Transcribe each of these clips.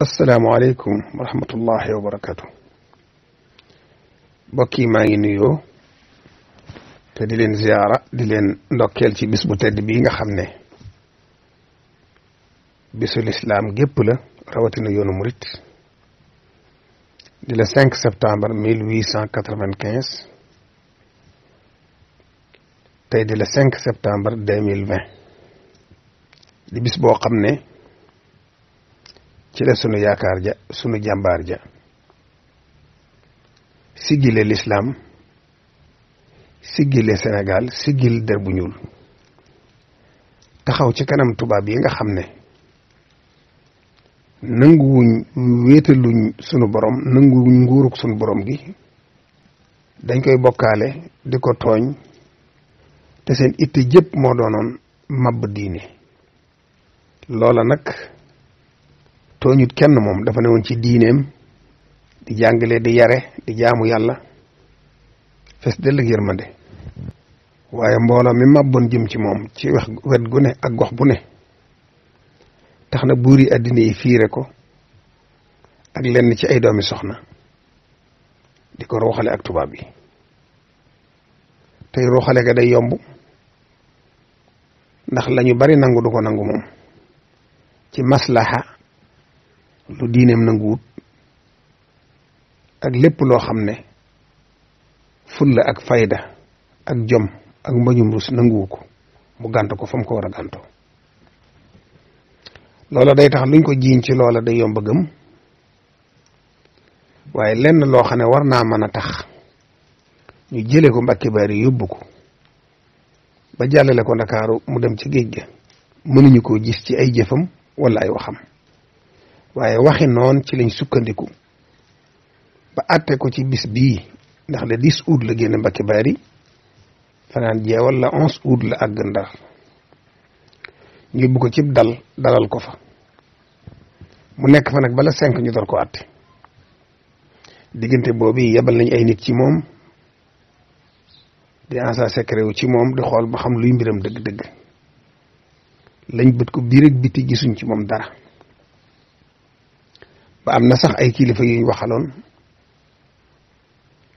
asalaamaaleykum wa rahmatullahi wa barakaatu mbokk yi maa ngi nuyoo te di leen ziyaara di leen ndokkeel ci bis bu tedd bii nga xam ne bisu lislaam gépp la rawatina yoonu murit di la cent quatre septembre 1895 te di la le 5 septembre 2020 di bis boo xam ne. ci la sunu yaakaar ja sunu jàmbaar ja siggile lislaam siggile Sénégal siggil der bu ñuul taxaw ci kanam tubaab yi nga xam ne nanguwuñ wéetaluñ sunu borom nanguwuñ nguuruk sunu borom gi dañ koy bokkaale di ko tooñ te seen itte jëpp moo doonoon mabb diine loola nag tooñut kenn moom dafa ne woon ci diineem di jàngale di yare di jaamu yàlla fes dell ak yërmande waaye mbooloo mi màbboon jëm ci moom ci wax wet gu ak gox bu ne tax na buur yi àddina yi fiire ko ak lenn ci ay doomi soxna di ko ruuxale ak tubaab yi tey ruuxale ga day yomb ndax lañu bari nangu du ko nangu moom ci maslaha lu diineem nanguwut ak lépp loo xam ne fulla ak fayda ak jom ak mbañum rus nanguwu ko mu gànt ko fa mu ko war a gàntoo loola day tax luñ ko jiiñ ci loola day yomb gëm waaye lenn loo xam ne war naa mën a tax ñu jële ko Mbàkke Bari yóbbu ko ba jàllale ko Ndakaaru mu dem ci géej ga mënuñu koo gis ci ay jëfam wala ay waxam waaye waxi noon ci lañ sukkandiku ba àtte ko ci bis bii ndax le 10 août la génn Mbacke Bari fanaan jeewal la 11 août la àgg Ndar ñu yóbbu ko cib dal dalal ko fa mu nekk fa nag bala cinq ñu door ko àtte diggante boobu yebal nañ ay nit ci moom di ansa secret ci moom di xool ba xam luy mbiram dëgg-dëgg lañ bët ko biir ak biti gisuñ ci moom dara ba am na sax ay kilifa yuy waxaloon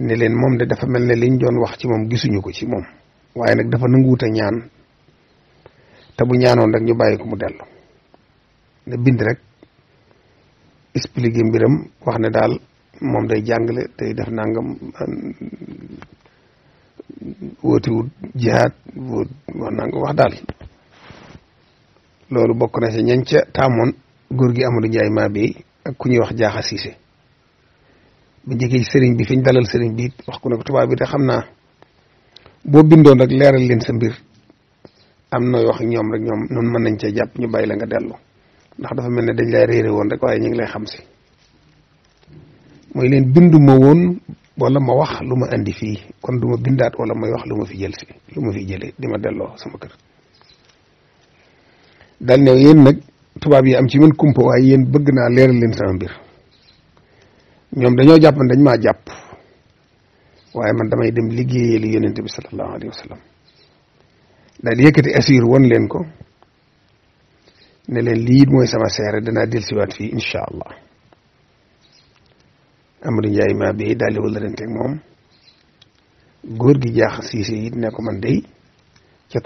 ni leen moom de dafa mel ne liñ doon wax ci moom gisuñu ko ci moom waaye nag dafa nanguwut ñaan te bu ñaanoon rek ñu bàyyi ko mu dellu ne bind rek expliqué mbiram wax ne daal moom day jàngale tey def nangam wóotiwut jihaad wóot wax nangam wax daal loolu bokk na si ñañ taamoon góor gi Amadou Ndiaye maa bi ak ku ñuy wax jaaxa siise ba jege sëriñ bi fi ñu dalal sëriñ bi wax ku ne ko bi te xam naa boo bindoon rek leeral leen sa mbir am nooy wax ñoom rek ñoom noonu mën nañ cee jàpp ñu bàyyi la nga delloo ndax dafa mel ne dañ lay réere woon rek waaye ñu ngi lay xam si mooy leen bindu ma woon wala ma wax lu ma indi fii kon du ma bindaat wala may wax lu ma fi jël si lu ma fi jëlee di ma delloo sama kër dal ne yéen nag tubaab yi am ci man kumpa waaye yéen bëgg naa leeral leen sama mbir ñoom dañoo jàpp ne dañ maa jàpp waaye man damay dem liggéey yonente bi sallallahu alayhi wa sallam daal di yëkkati assur won leen ko ne leen lii mooy sama seere danaa dellusiwaat fii incha allah Amadou Ndiaye ma bi daal di wëllanteeg moom góor gi jaax siise it ne ko man day ca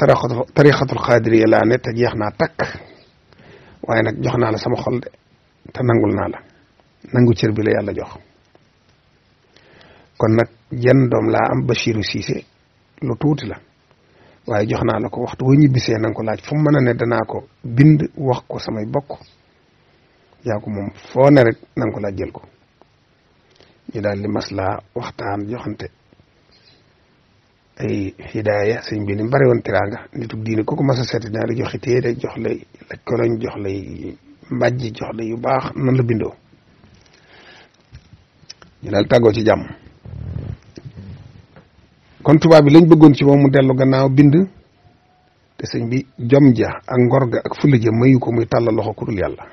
tarixatul xaadiriya laa ne jeex naa takk. waaye nag jox naa la sama xol de te nangul naa la nangu cër bi la yàlla jox kon nag jenn doom laa am Bachirou Cissé lu tuuti la waaye jox naa la ko waxtu wu ñibbisee na nga laaj fu mu mën a ne danaa ko bind wax ko samay bokk yaa ko moom foo ne rek na ko laaj jël ko ñu daal di maslaa waxtaan joxante ay hidaaya sëñ bi ni mu bari woon tiraanga nitug diine kooku mas a seeti dina la joxe téere jox lay koloñ jox lay yu baax nan la bindoo ñu daal taggoo ci jàmm kon tubaab bi lañ bëggoon ci moom mu dellu gannaaw bind te sëñ bi jom ja ak ngor ga ak fulla ja mayu muy tàllal loxo ku dul yàlla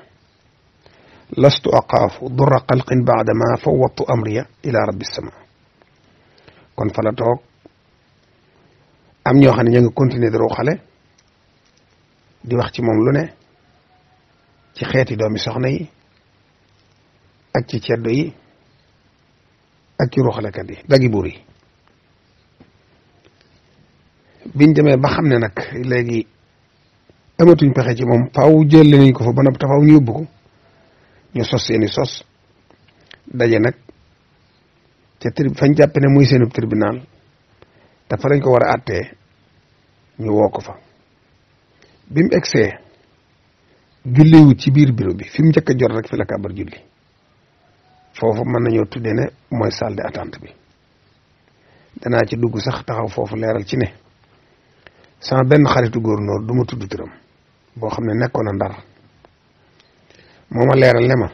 lastu aqaafu durra xalqin baadama fawattu amriya ila rabbi sama kon fa am ñoo xam ne ña ngi continuer di ruuxale di wax ci moom lu ne ci xeeti doomi soxna yi ak ci ceddo yi ak ci ruuxalekat yi dagi buur yi biñ demee ba xam ne nag léegi amatuñ pexe ci moom faaw jël nañ ko fa ba noppi faaw ñu yóbbu ko ñu sos seeni sos daje nag ca tri fañ jàpp ne muy seenu tribunal te fa lañ ko war a àttee ñu woo ko fa bi mu egsee julliwu ci biir bureau bi fi mu njëkk a jot rek fi la kàbbar julli foofu mën nañoo tuddee ne mooy salle d'attente bi danaa ci dugg sax taxaw foofu leeral ci ne sama benn xaritu góornóor du ma tudd turam boo xam ne nekkoon na ndar moom ma leeral ne ma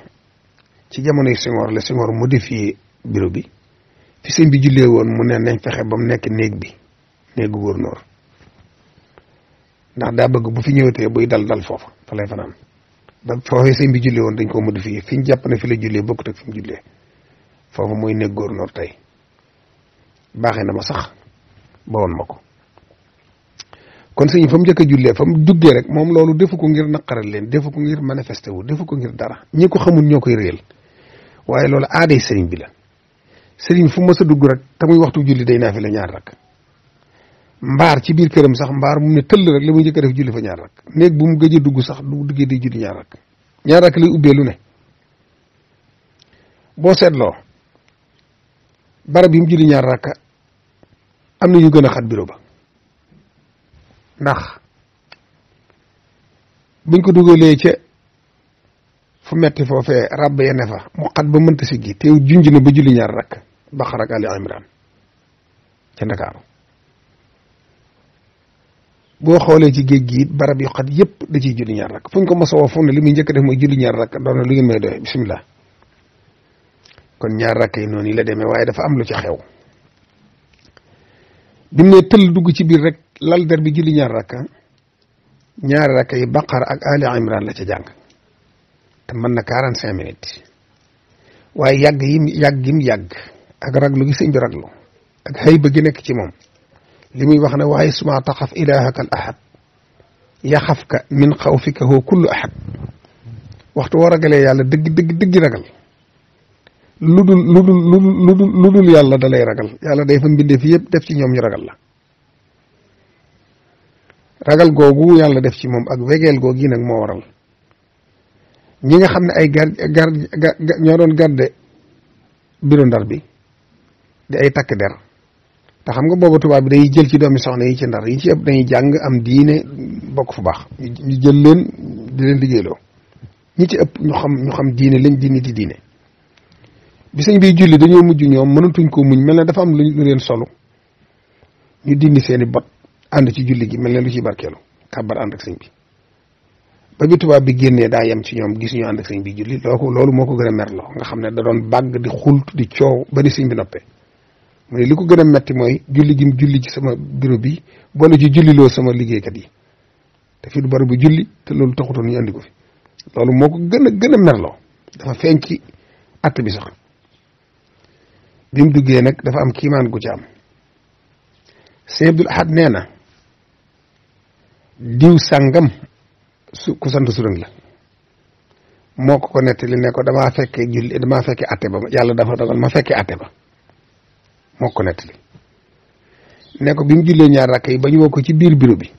ci jamonoy Senghor la Senghor modifié bureau bi fi sëñ bi jullee woon mu ne nañ fexe ba mu nekk néeg bi néegu gouverneur ndax daa bëgg bu fi ñëwatee buy dal dal foofa fa lay fanaan ba foofee sëñ bi jullee woon dañ koo modifié fi ñu jàpp ne fi la jullee bokkut ak fi mu jullee foofu mooy néeg gouverneur tey baaxe na ma sax ba woon ma ko kon sëñ fa mu njëkk a jullee fa mu duggee rek moom loolu defu ko ngir naqaral leen defu ko ngir manifesté wu defu ko ngir dara ñi ko xamul ñoo koy réel waaye loolu aaday sëriñ bi la sëriñ fu ma a dugg rek te muy waxtu julli day naafila ñaar rak mbaar ci biir këram sax mbaar mu ne tëll rek li muy njëkk a def julli fa ñaar rak néeg bu mu gëj a dugg sax du duggee di julli ñaar rak ñaar rak lay ubbee ne boo seetloo barab yi mu julli ñaar rakk am na yu gën a xat biro ba ndax buñ ko dugalee ca fu metti foofee ràbb ya ne fa mu xat ba mënta siggi teew junj na ba julli ñaar rakk Baqara ak Ali Imran ca Ndakaaru boo xoolee ci géej gi it barab yu xat yëpp da ci julli ñaar rakk fu ñu ko mos a li muy njëkk a mooy julli ñaar rakk doon na lu ngeen may doy kon ñaar rakk yi noon yi la demee waaye dafa am lu ci xew bi mu ne tëll dugg ci biir rek lal der bi julli ñaar rakk ñaar rakk yi Baqara ak Ali Imran la ci jàng te mën na quarante cinq waaye yàgg yim yàgg yàgg. ak raglu gi sëñ bi raglu ak xëyba gi nekk ci moom li muy wax ne waaye suma taxaf ilaahaka al ahad yaxafka min xawfika hoo kullu ahad waxtu woo ragalee yàlla dëgg dëgg ragal lu yàlla da ragal yàlla day fa mbindee fi yëpp def ci ñoom ñu ragal la ragal googu yàlla def ci moom ak wegeel googu nag moo waral ñi nga xam ne ay gar gar ñoo doon garde biro ndar bi di ay takk der te xam nga boobu tubaab bi dañuy jël ci doomi soxna yi ci ndar yi ci ëpp dañuy jàng am diine bokk fu baax ñu jël leen di leen liggéeyloo ñu ci ëpp ñu xam ñu xam diine lañ diine di diine bi sëñ bi julli dañoo mujj ñoom mënatuñ ko muñ mel na dafa am lu leen solo ñu dindi seeni bot ànd ci julli gi mel na lu ci barkeelu kàbbar ànd ak sëñ bi ba bi tubaab bi génnee daa yem ci ñoom gis ñu ànd ak sëñ bi julli loo ko loolu moo ko gën a merloo nga xam ne da doon bàgg di xult di coow ba di sëñ bi noppee mu ne li ko gën a metti mooy julli gi mu julli ci sama bureau bi boole ci julliloo sama liggéeykat yi te fii du bari bu julli te loolu taxutoon ñu andi ko fi loolu moo ko gën a gën a merloo dafa feeñ ci att bi sax bi mu nag dafa am kiimaan gu ci am Sëñ Abdul nee na diw sàngam su ku sant surang la moo ko ko nettali ne ko damaa fekkee julli damaa fekkee atte ba yàlla dafa dogal ma fekkee atte ba moo ko nettali ne ko bi mu jullee ñaar rakk yi ba ñu woo ko ci biir bureau bi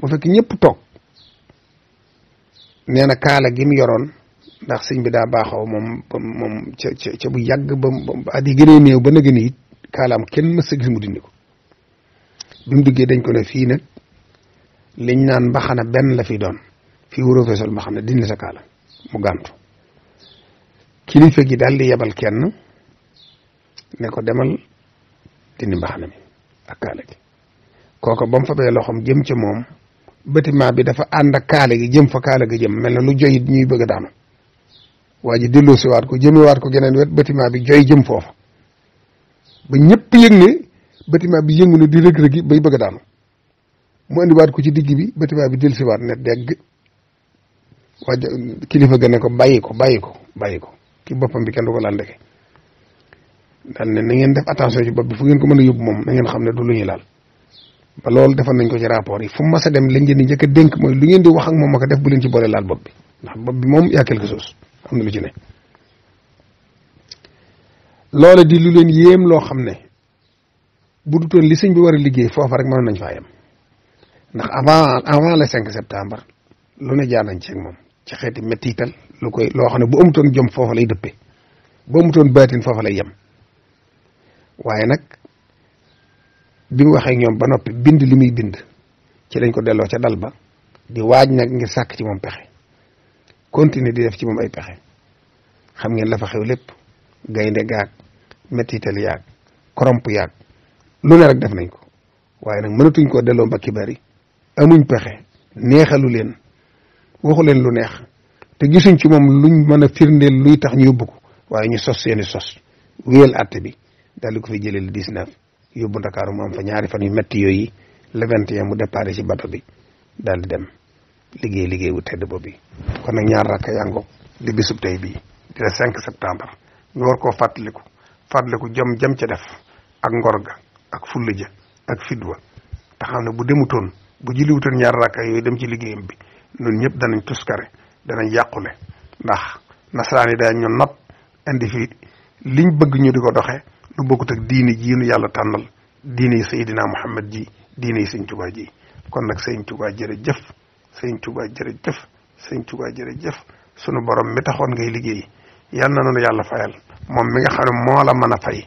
mu fekk ñépp toog nee na kaala gi mu yoroon ndax sëñ bi daa baaxoo moom moom ca ca bu yàgg ba at yi gën a néew ba nag yi it kaalaam kenn mës a mu dindi ko bi mu duggee dañ ko ne fii nag liñ naan mbaxana benn la fi doon fii wuroo fesol mbaxana dindi sa kaala mu gàntu kilifa gi daal di yebal kenn. ne ko demal dindi mbaxana mi ak kaala gi kooka ba mu fa bee loxoom jëm ca moom bâtiment bi dafa ànd ak kaala gi jëm fa kaala gi jëm mel na lu joyit ñuy bëgg a daanu waa ji delloosiwaat ko jëmewaat ko geneen wet bâtiment bi joy jëm foofa ba ñëpp bi yëngu na di rëg-rëgi bay bëgg a daanu mu andiwaat ko ci digg bi bâtiment bi dellusiwaat ne dégg waa kilifa gën ne ko bàyyi ko bàyyi ko ko ki boppam bi kenn du ko laal ndeke daan ne na def attention ci bopp bi fu ngeen ko mën a yóbbu moom na xam ne du lu ñuy laal ba loolu defoon nañ ko ci rapport yi fu mu a dem lañ leen di njëkk a dénk mooy lu ngeen di wax a def bu leen ci boole laal bopp bi ndax bopp bi moom yaa quelque na lu ci ne di lu leen yéem loo xam ne bu dutoon li sëñ bi war a liggéey foofa rek mënoon nañ faa yem ndax avant avant le 5 septembre lu ne jaar nañ moom ci xeeti méttiital lu koy loo xam ne bu amutoon jom foofa lay dëppee bu amutoon baatin foofa lay yem waaye nag bi waxee ñoom ba noppi bind li muy bind ci lañ ko delloo ca dal ba di waaj nag ngir sàkk ci moom pexe continuer di def ci moom ay pexe xam ngeen la fa xew lépp gaynde gaag mettital yaag koromp yaag lu ne rek def nañ ko waaye nag mënatuñ koo delloo mbakki bari amuñ pexe neexalu leen waxu leen lu neex te gisuñ ci moom luñ mën a firndeel luy tax ñu yóbbu ko waaye ñu sos seeni sos wéyal àtte bi dal di ko fi jëlee le 19 yóbbu Ndakaaru mu am fa ñaari fan yu métti yooyu le 21 mu départ ci bato bi daal di dem liggéey liggéey bu tedd boobu kon nag ñaar rakk yango di bisub tey bii di la 5 septembre ñu war koo fàttaliku fàttaliku jëm jëm ca def ak ngor ga ak fulla ja ak fidwa te xam ne bu demutoon bu julliwutoon ñaar rakk yooyu dem ci liggéeyam bi noonu ñëpp danañ tuskare danañ yàqule ndax nasaraan yi dañ ñu not indi fi liñ bëgg ñu di ko doxee. lu bokkut ak diine ji nu yàlla tànnal diine Seydina Muhammad ji diine Sëñ Tuubaa ji kon nag Sëñ Tuubaa jërëjëf Sëñ Tuubaa jërëjëf Sëñ Tuubaa jërëjëf sunu borom mi taxoon ngay liggéey yal na noonu yàlla fayal moom mi nga xam ne moo la a fay.